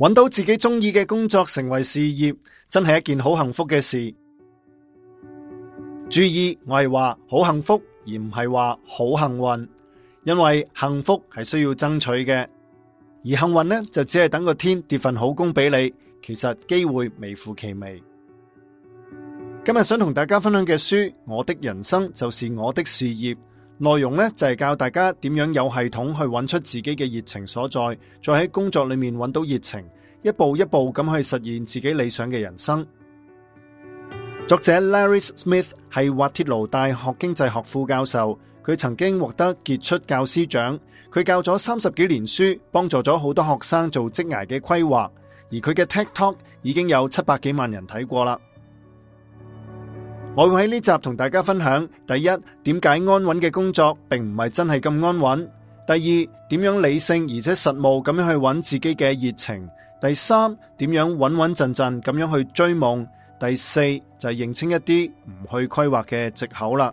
揾到自己中意嘅工作成為事業，真係一件好幸福嘅事。注意，我係話好幸福，而唔係話好幸運，因為幸福係需要爭取嘅，而幸運呢，就只係等個天跌份好工俾你，其實機會微乎其微。今日想同大家分享嘅書《我的人生就是我的事業》。內容咧，就係教大家點樣有系統去搵出自己嘅熱情所在，再喺工作裏面搵到熱情，一步一步咁去實現自己理想嘅人生。 作者 Larry Smith 係滑鐵盧大學經濟學副教授，佢曾經獲得傑出教師獎，佢教咗三十幾年書，幫助咗好多學生做職涯嘅規劃，而佢嘅 TED talk 已經有七百幾萬人睇過啦。我會喺呢集同大家分享：第一，點解安穩嘅工作並唔係真係咁安穩；第二，點樣理性而且實務咁樣去揾自己嘅熱情；第三，點樣穩穩陣陣咁樣去追夢；第四，就係認清一啲唔去規劃嘅借口啦。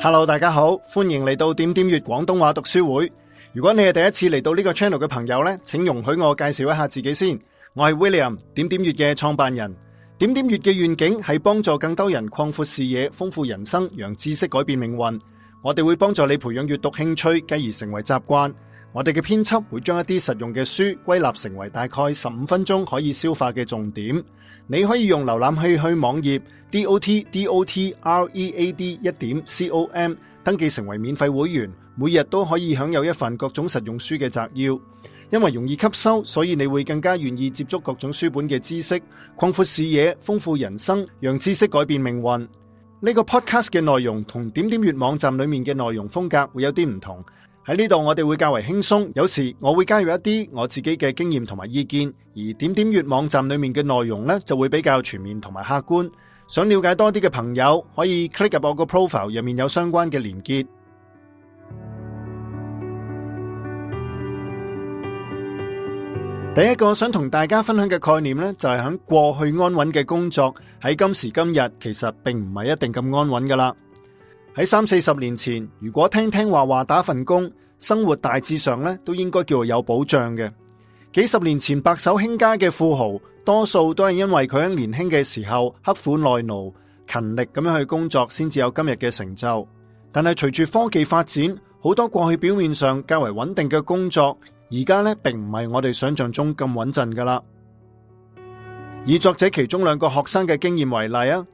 Hello，大家好，歡迎嚟到點點粵廣東話讀書會。如果你係第一次嚟到呢個 channel 嘅朋友呢，請容許我介紹一下自己先。我係 William，點點粵嘅創辦人。點點閱嘅願景係幫助更多人擴闊視野、豐富人生，讓知識改變命運。我哋會幫助你培養閱讀興趣，繼而成為習慣。我哋嘅編輯會將一啲實用嘅書歸納成為大概十五分鐘可以消化嘅重點。你可以用瀏覽器去網頁 dot dot read 一點 com 登記成為免費會員，每日都可以享有一份各種實用書嘅摘要。因為容易吸收，所以你會更加願意接觸各種書本嘅知識，擴闊視野，豐富人生，讓知識改變命運。呢個 podcast 嘅內容同點點閱網站裏面嘅內容風格會有啲唔同。喺呢度我哋會較為輕鬆，有時我會加入一啲我自己嘅經驗同埋意見，而點點閱網站裏面嘅內容呢就會比較全面同埋客觀。想了解多啲嘅朋友可以 click 入我個 profile，入面有相關嘅連結。第一個想同大家分享嘅概念咧，就係喺過去安穩嘅工作，喺今時今日其實並唔係一定咁安穩噶啦。喺三四十年前，如果聽聽話話打份工，生活大致上咧都應該叫做有保障嘅。幾十年前白手興家嘅富豪，多數都係因為佢喺年輕嘅時候刻苦耐勞、勤力咁樣去工作，先至有今日嘅成就。但係隨住科技發展，好多過去表面上較為穩定嘅工作。而家咧，並唔係我哋想象中咁穩陣噶啦。以作者其中兩個學生嘅經驗為例啊，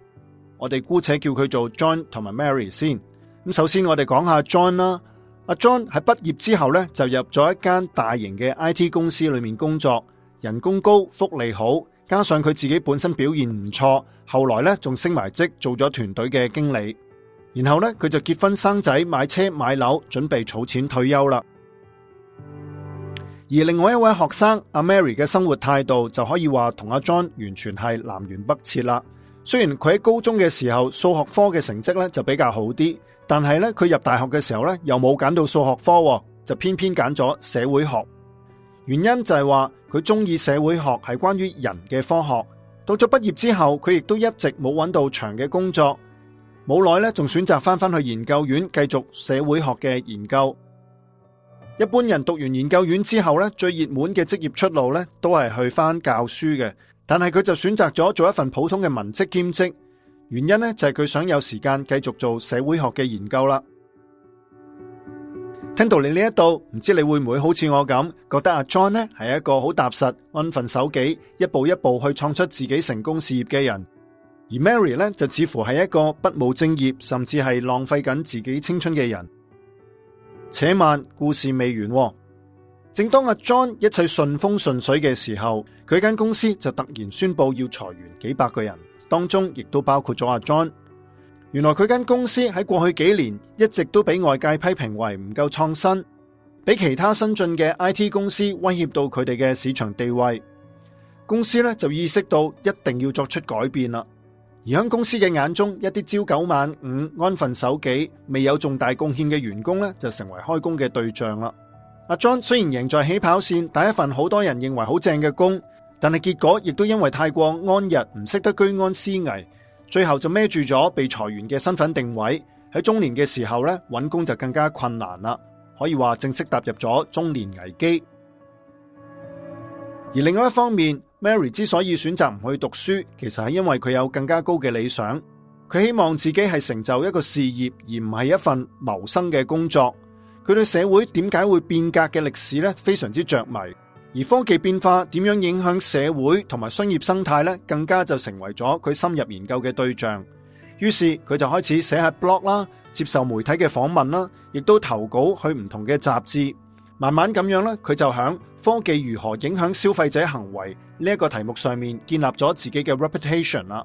我哋姑且叫佢做 John 同埋 Mary 先。咁首先我哋講下 John 啦。阿 John 喺畢業之後咧，就入咗一間大型嘅 IT 公司裏面工作，人工高，福利好，加上佢自己本身表現唔錯，後來咧仲升埋職，做咗團隊嘅經理。然後咧佢就結婚生仔，買車買樓，準備儲錢退休啦。而另外一位學生阿 Mary 嘅生活態度就可以話同阿 John 完全係南轅北轍啦。雖然佢喺高中嘅時候數學科嘅成績咧就比較好啲，但係咧佢入大學嘅時候咧又冇揀到數學科，就偏偏揀咗社會學。原因就係話佢鍾意社會學係關於人嘅科學。到咗畢業之後，佢亦都一直冇揾到長嘅工作，冇耐咧仲選擇返返去研究院繼續社會學嘅研究。一般人讀完研究院之後咧，最熱門嘅職業出路咧，都係去翻教書嘅。但係佢就選擇咗做一份普通嘅文職兼職，原因咧就係佢想有時間繼續做社會學嘅研究啦。聽到你呢一度，唔知你會唔會好似我咁，覺得阿 John 呢係一個好踏實、安分守己、一步一步去創出自己成功事業嘅人，而 Mary 咧就似乎係一個不務正業，甚至係浪費緊自己青春嘅人。且慢，故事未完。正當阿 John 一切順風順水嘅時候，佢間公司就突然宣布要裁員幾百個人，當中亦都包括咗阿 John。原來佢間公司喺過去幾年一直都俾外界批評為唔夠創新，俾其他新進嘅 IT 公司威脅到佢哋嘅市場地位。公司咧就意識到一定要作出改變啦。而喺公司嘅眼中，一啲朝九晚五、安分守己、未有重大貢獻嘅員工咧，就成為開工嘅對象啦。阿 John 雖然贏在起跑線，打一份好多人認為好正嘅工，但係結果亦都因為太過安逸，唔識得居安思危，最後就孭住咗被裁員嘅身份定位，喺中年嘅時候咧，搵工就更加困難啦。可以話正式踏入咗中年危機。而另外一方面，Mary 之所以選擇唔去讀書，其實係因為佢有更加高嘅理想，佢希望自己係成就一個事業，而唔係一份謀生嘅工作。佢對社會點解會變革嘅歷史咧，非常之着迷，而科技變化點樣影響社會同埋商業生態咧，更加就成為咗佢深入研究嘅對象。於是佢就開始寫下 blog 啦，接受媒體嘅訪問啦，亦都投稿去唔同嘅雜誌，慢慢咁樣咧，佢就響。科技如何影響消費者行為呢一個題目上面建立咗自己嘅 reputation 啦，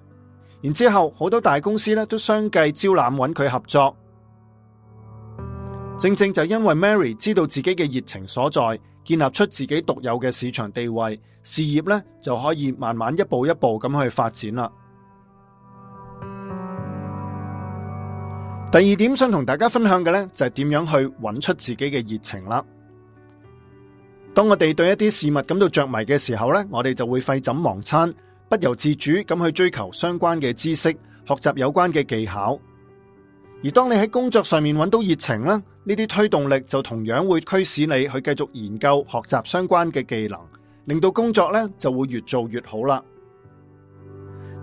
然之後好多大公司咧都相繼招攬揾佢合作。正正就因為 Mary 知道自己嘅熱情所在，建立出自己獨有嘅市場地位，事業咧就可以慢慢一步一步咁去發展啦。第二點想同大家分享嘅咧就係點樣去揾出自己嘅熱情啦。當我哋對一啲事物感到着迷嘅時候咧，我哋就會廢寢忘餐，不由自主咁去追求相關嘅知識，學習有關嘅技巧。而當你喺工作上面揾到熱情啦，呢啲推動力就同樣會驅使你去繼續研究、學習相關嘅技能，令到工作咧就會越做越好啦。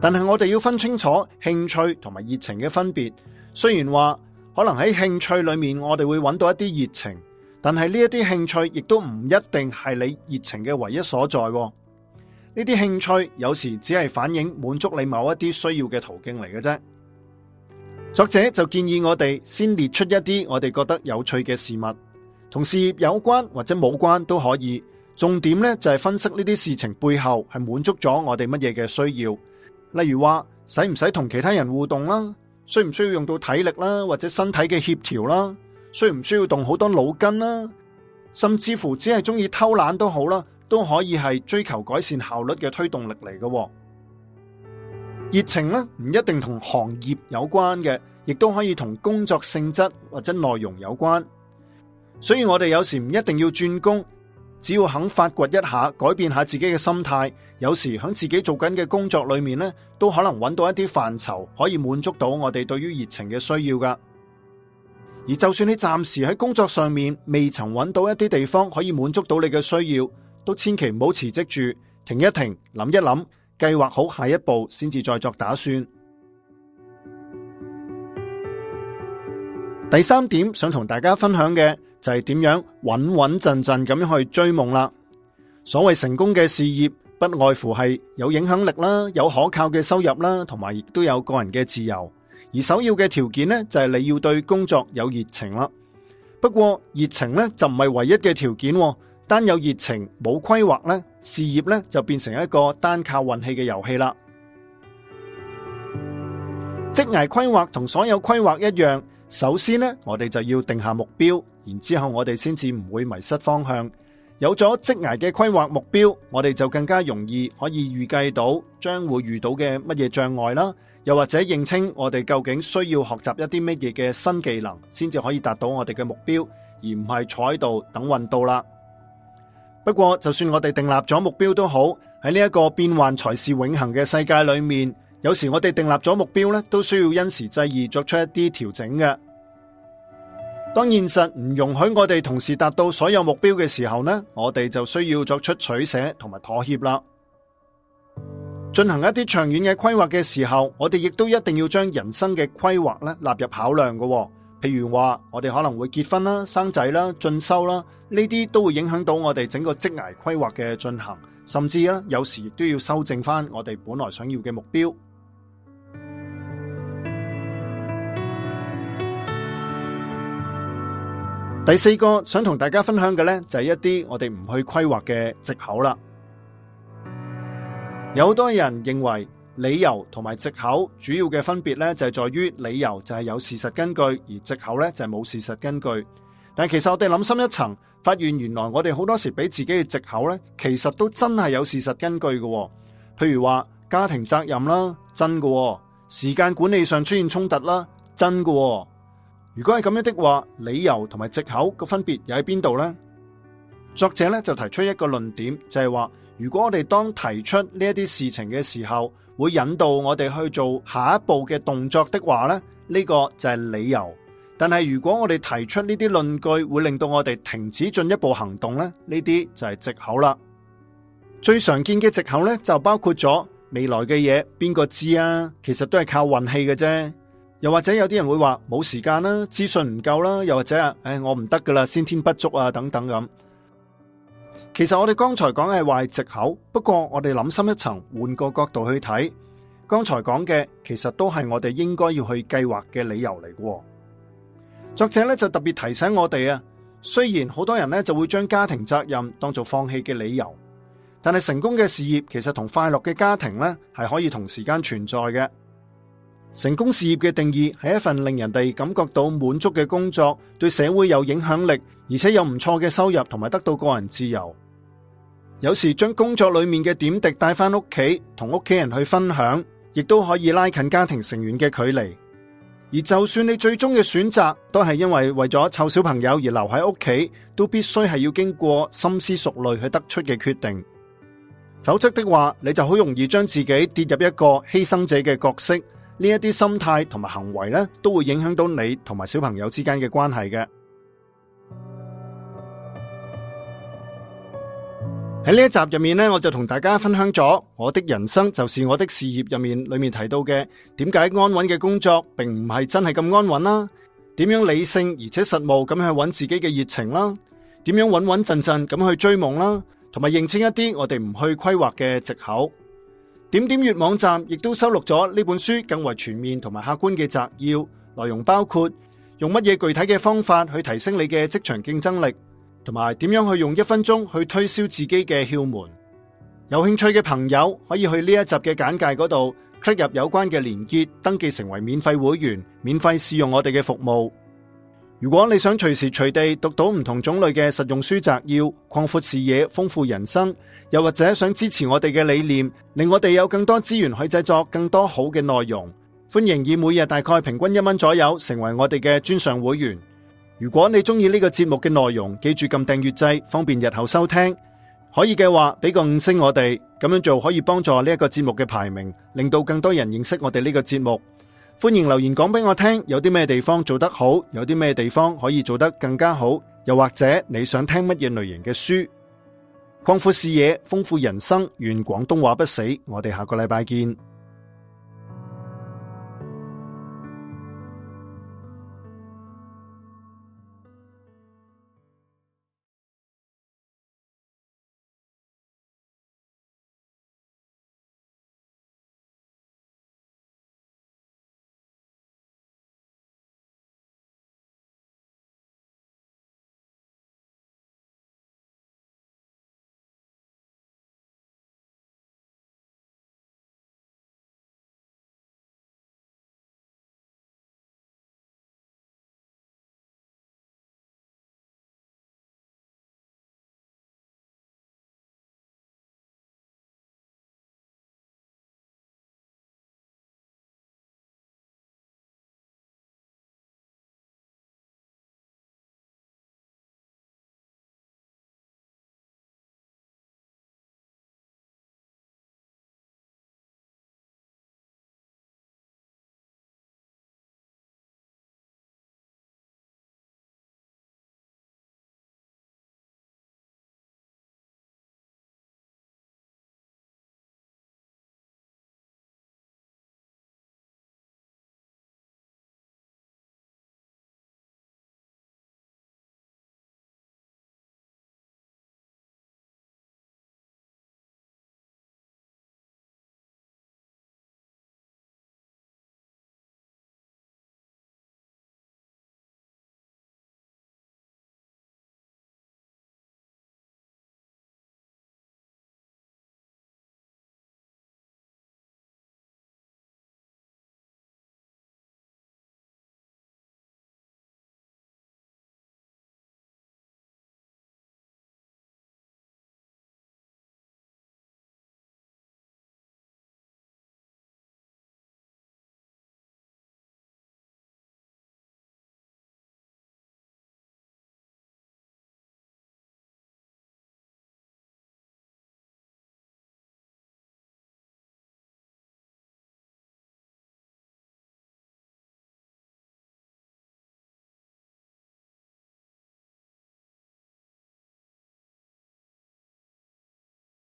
但係我哋要分清楚興趣同埋熱情嘅分別。雖然話可能喺興趣裏面，我哋會揾到一啲熱情。但係呢一啲興趣亦都唔一定係你熱情嘅唯一所在，呢啲興趣有時只係反映滿足你某一啲需要嘅途徑嚟嘅啫。作者就建議我哋先列出一啲我哋覺得有趣嘅事物，同事業有關或者冇關都可以。重點咧就係分析呢啲事情背後係滿足咗我哋乜嘢嘅需要。例如話使唔使同其他人互動啦，需唔需要用到體力啦，或者身體嘅協調啦。需唔需要動好多腦筋啦？甚至乎只係中意偷懶都好啦，都可以係追求改善效率嘅推動力嚟嘅。熱情咧唔一定同行業有關嘅，亦都可以同工作性質或者內容有關。所以我哋有時唔一定要轉工，只要肯發掘一下，改變下自己嘅心態，有時響自己做緊嘅工作裏面咧，都可能揾到一啲範疇可以滿足到我哋對於熱情嘅需要噶。而就算你暫時喺工作上面未曾揾到一啲地方可以滿足到你嘅需要，都千祈唔好辭職住，停一停，諗一諗，計劃好下一步先至再作打算。 第三點想同大家分享嘅，就係點樣穩穩陣陣咁樣去追夢啦。所謂成功嘅事業，不外乎係有影響力啦，有可靠嘅收入啦，同埋亦都有個人嘅自由。而首要嘅條件呢，就係你要對工作有熱情啦。不過熱情呢就唔係唯一嘅條件，單有熱情冇規劃呢，事業呢就變成一個單靠運氣嘅遊戲啦。職涯規劃同所有規劃一樣，首先呢，我哋就要定下目標，然之後我哋先至唔會迷失方向。有咗職涯嘅規劃目標，我哋就更加容易可以預計到將會遇到嘅乜嘢障礙啦。又或者認清我哋究竟需要學習一啲乜嘢嘅新技能，先至可以達到我哋嘅目標，而唔係坐喺度等運到啦。不過就算我哋訂立咗目標都好，喺呢一個變幻才是永恒嘅世界裏面，有時我哋訂立咗目標咧，都需要因時制宜作出一啲調整嘅。當現實唔容許我哋同時達到所有目標嘅時候呢，我哋就需要作出取捨同埋妥協啦。進行一啲長遠嘅規劃嘅時候，我哋亦都一定要將人生嘅規劃咧納入考量嘅喎。譬如話，我哋可能會結婚啦、生仔啦、進修啦，呢啲都會影響到我哋整個職涯規劃嘅進行，甚至咧有時亦都要修正翻我哋本來想要嘅目標。第四個想同大家分享嘅咧，就係一啲我哋唔去規劃嘅借口啦有好多人認為理由同埋借口主要嘅分別呢，就係在於理由就係有事實根據，而借口呢，就係冇事實根據。但其實我哋諗深一層，發現原來我哋好多時俾自己嘅借口呢，其實都真係有事實根據嘅。譬如話家庭責任啦，真嘅；時間管理上出現衝突啦，真嘅。如果係咁樣的話，理由同埋借口個分別又喺邊度呢？作者呢，就提出一個論點，就係話。如果我哋當提出呢一啲事情嘅時候，會引導我哋去做下一步嘅動作的話呢，呢、呢個就係理由。但係如果我哋提出呢啲論據會令到我哋停止進一步行動咧，呢啲就係借口啦。最常見嘅借口呢，就包括咗未來嘅嘢，邊個知啊？其實都係靠運氣嘅啫。又或者有啲人會話冇時間啦，資訊唔夠啦，又或者啊，唉、哎，我唔得噶啦，先天不足啊，等等咁。其實我哋剛才講嘅係壞借口，不過我哋諗深一層，換個角度去睇，剛才講嘅其實都係我哋應該要去計劃嘅理由嚟。作者咧就特別提醒我哋啊，雖然好多人咧就會將家庭責任當做放棄嘅理由，但係成功嘅事業其實同快樂嘅家庭咧係可以同時間存在嘅。成功事業嘅定義係一份令人哋感覺到滿足嘅工作，對社會有影響力，而且有唔錯嘅收入，同埋得到個人自由。有時將工作裏面嘅點滴帶翻屋企，同屋企人去分享，亦都可以拉近家庭成員嘅距離。而就算你最終嘅選擇都係因為為咗湊小朋友而留喺屋企，都必須係要經過深思熟慮去得出嘅決定。否則的話，你就好容易將自己跌入一個犧牲者嘅角色。呢一啲心態同埋行為咧，都會影響到你同埋小朋友之間嘅關係嘅。喺呢一集入面咧，我就同大家分享咗我的人生就是我的事業入面裏面提到嘅點解安穩嘅工作並唔係真係咁安穩啦？點樣理性而且實務咁去揾自己嘅熱情啦？點樣穩穩陣陣咁去追夢啦？同埋認清一啲我哋唔去規劃嘅藉口。點點閱網站亦都收錄咗呢本書更為全面同埋客觀嘅摘要，內容包括用乜嘢具體嘅方法去提升你嘅職場競爭力。同埋，點樣去用一分鐘去推銷自己嘅竅門？有興趣嘅朋友可以去呢一集嘅簡介嗰度，click 入有關嘅連結，登記成為免費會員，免費試用我哋嘅服務。如果你想隨時隨地讀到唔同種類嘅實用書摘，要擴闊視野、豐富人生，又或者想支持我哋嘅理念，令我哋有更多資源去製作更多好嘅內容，歡迎以每日大概平均一蚊左右，成為我哋嘅尊尚會員。如果你中意呢個節目嘅內容，記住撳訂閱掣，方便日後收聽。可以嘅話，俾個五星我哋，咁樣做可以幫助呢一個節目嘅排名，令到更多人認識我哋呢個節目。歡迎留言講俾我聽，有啲咩地方做得好，有啲咩地方可以做得更加好，又或者你想聽乜嘢類型嘅書，擴闊視野，豐富人生。願廣東話不死。我哋下個禮拜見。